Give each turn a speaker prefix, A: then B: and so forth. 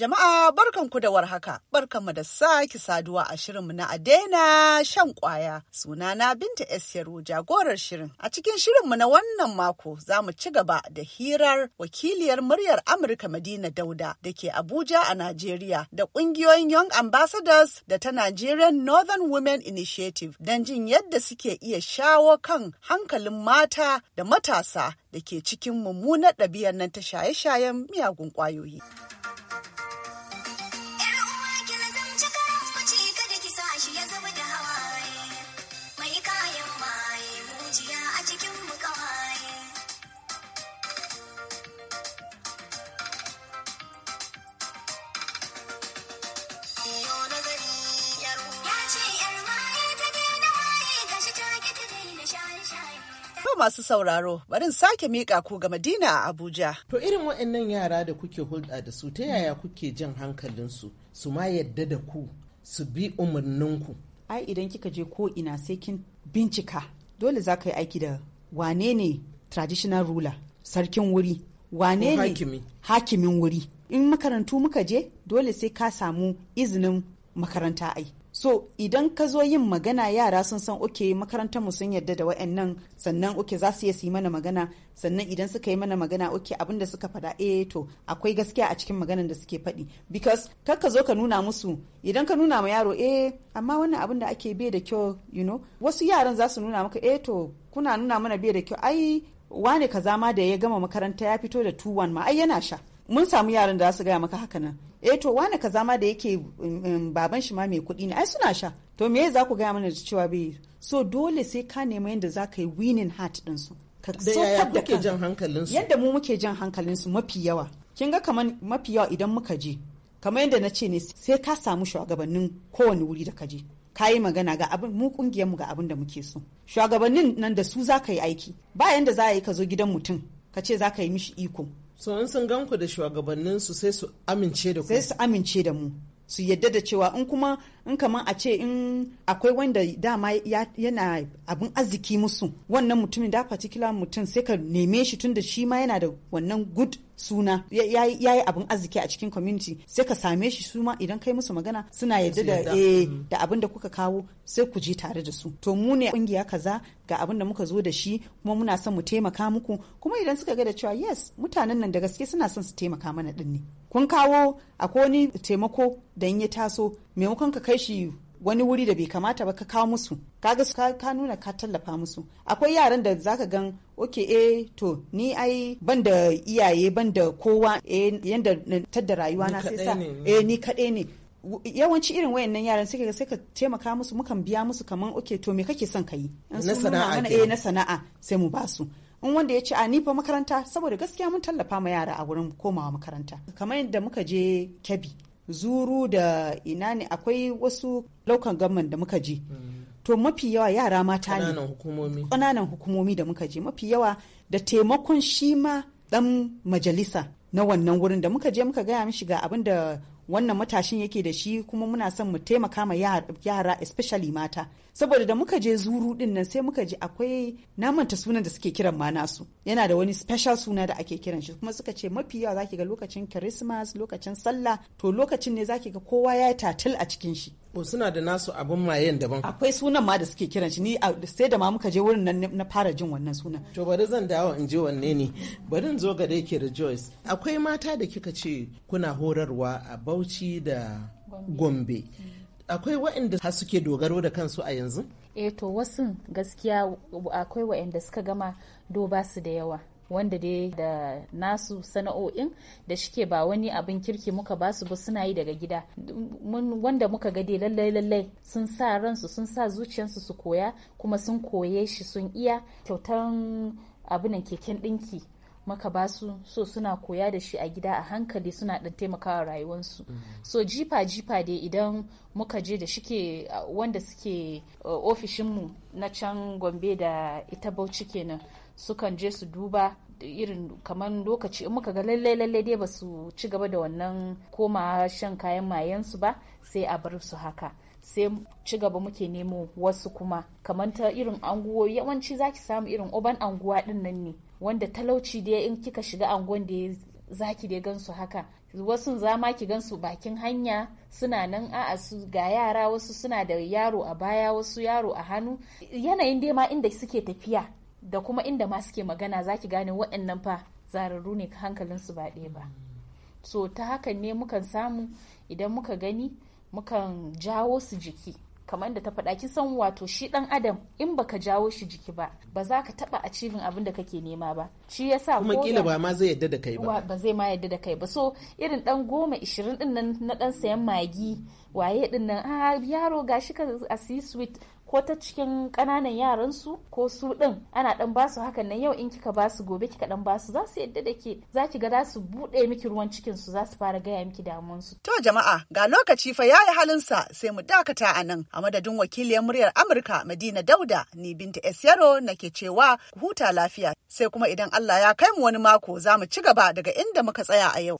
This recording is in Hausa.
A: Jama'a barkanku da warhaka, barkanmu da sake saduwa a shirin mu na Adena shan kwaya. na Binta Esyaru jagorar shirin. A cikin shirin mu na wannan mako za mu ci gaba da hirar wakiliyar muryar Amurka Madina Dauda da ke Abuja a Najeriya da ƙungiyoyin Young Ambassadors da ta Nigerian Northern Women Initiative don jin yadda suke iya shawo kan hankalin mata da matasa da ke cikin mummunar ɗabi'ar nan ta shaye-shayen miyagun ƙwayoyi.
B: To masu sauraro, barin sake miƙa ku ga Madina a Abuja. To irin waɗannan yara da kuke hulɗa da su ta yaya kuke jan hankalinsu su ma yadda da
C: ku su bi umarninku. Ai idan kika je ko ina sai kin bincika dole za ka yi aiki da wane ne traditional ruler sarkin wuri wane ne hakimin wuri in makarantu muka je dole sai ka samu izinin makaranta ai so idan ka zo yin magana yara sun san oke makarantar mu sun yadda da wayannan sannan oke za su iya su yi mana magana sannan idan suka yi mana magana oke abin da suka fada eh to akwai gaskiya a cikin maganan da suke faɗi because kar ka zo ka nuna musu idan ka nuna ma yaro eh amma wannan abin da ake bai da kyau you know wasu yaran za su nuna maka eh to kuna nuna mana bai da kyau ai wane kaza ma da ya gama makaranta ya fito da 21 ma ai yana sha mun samu yaran da su gaya maka haka nan eh to wane kaza ma da yake um, um, baban shi ma mai kuɗi ne ai suna sha to me za ku gaya mana da cewa bai so dole sai ka nema yadda za ka yi winning heart din su ka sokar da jan hankalin su yadda mu muke jan hankalin su mafi yawa kin ga kamar mafi yawa idan muka je kamar yadda na ce ne sai ka samu shugabannin kowane wuri da ka je ka yi magana ga abin mu kungiyar ga abin da muke so shugabannin nan da su za ka yi aiki ba da za a yi ka zo gidan mutum ka ce za ka yi mishi iko so
B: in sun ganku da shugabannin su sai su amince da ku sai su
C: amince da mu su yadda da cewa in kuma in kamar a ce in akwai wanda dama yana abin arziki musu wannan mutumin da particular mutum sai ka neme shi tun da shi ma yana da wannan good suna ya yi abin arziki a cikin community sai ka same shi su ma idan kai musu magana suna yadda da eh, mm-hmm. da abin da kuka kawo sai ku je tare da su to mu ne kungiya kaza ga abin da muka zo da shi kuma muna son mu taimaka muku kuma idan suka ga da cewa yes mutanen nan da gaske suna son su taimaka mana din ne kun kawo akwai wani taimako da in ya taso maimakon ka kai shi wani wuri da bai kamata ba ka kawo musu kaga ka nuna ka tallafa musu akwai yaran da zaka gan oke eh to ni ai ban da iyaye ban da kowa eh yanda tadda rayuwa na sai sa eh ni kaɗai ne yawanci irin wayannan yaran ka sai ka taimaka musu mukan biya musu kaman oke to me kake son ka yi na sana'a eh na sana'a sai mu basu in wanda ya ce a nifa makaranta saboda gaskiya mun tallafa ma yara a wurin komawa makaranta kamar yadda muka je kebbi zuru da ina ne akwai wasu laukan gamman da muka je to mafi yawa yara mata ne ƙananan hukumomi da muka je mafi yawa da taimakon shi ma dan majalisa na wannan wurin da muka je muka gaya mishi ga abin da wannan matashin yake da shi kuma muna son mu taimaka ma yara especially mata saboda da muka je zuru din nan sai muka ji akwai namanta sunan da suke kiran ma su yana da wani special suna da ake kiran shi kuma suka ce mafi yawa zaki ga lokacin christmas lokacin sallah to lokacin ne zaki ga kowa ya yi tatil a cikin shi ko suna da nasu abin mayen daban akwai sunan ma da suke kiran shi ni sai da ma muka je
B: wurin nan na fara jin wannan sunan to bari zan dawo in je wanne ne bari in zo ga da yake rejoice akwai mata da kika ce kuna horarwa a Bauchi da Gombe akwai waɗanda har suke dogaro da kansu a yanzu
D: eh to wasu gaskiya akwai waɗanda suka gama doba su da yawa wanda dai da nasu sana'o'in da shike ba wani abin kirki muka ba su ba suna yi daga gida wanda muka ga dai lallai lallai sun sa ransu sun sa zuciyarsu su koya kuma sun koye shi sun iya kyautan abinan keken ɗinki maka ba su so suna koya da shi a gida a hankali suna dan taimakawa rayuwarsu mm-hmm. so jifa jifa dai idan muka je da shike wanda suke ofishinmu na can gombe da ita bauchi kenan sukan je su duba irin kamar lokaci in muka ga lallai lallai dai ba su ci gaba da wannan koma shan kayan su ba sai a bar su haka sai ci gaba muke nemo wasu kuma kamar ta irin anguwa yawanci zaki samu irin oban anguwa din nan ne wanda talauci da in kika shiga anguwan da zaki dai gansu haka wasu za zama ki gansu bakin hanya suna nan a'a su ga yara wasu suna da yaro a baya wasu yaro a hannu yanayin dai ma inda suke tafiya da kuma inda ma suke magana za ki gane waɗannan fa zararru ne hankalinsu ba ɗaya ba so ta hakan ne mukan samu idan muka gani mukan jawo su jiki kamar da ta faɗa ki san wato shi ɗan adam in baka jawo shi jiki ba ba za ka taɓa achieving abin da kake nema ba shi yasa kuma kila ba ma
B: zai yadda da kai ba ba
D: zai ma yadda da kai ba so irin ɗan goma ishirin ɗin nan na ɗan sayan magi waye ɗin nan a ah, yaro gashi ka a siyi sweet ko ta cikin ƙananan yaran su ko su ɗin ana ɗan basu hakan nan yau in kika basu gobe kika ɗan basu za su yadda da ke za ki ga za su buɗe miki ruwan cikin su za su fara gaya miki damuwan su.
A: To jama'a ga lokaci fa yayi halinsa sai mu dakata a nan a madadin wakiliyar muryar Amurka Madina Dauda ni Binta S Yaro nake cewa huta lafiya sai kuma idan Allah ya kai mu wani mako za mu ci gaba daga inda muka tsaya a yau.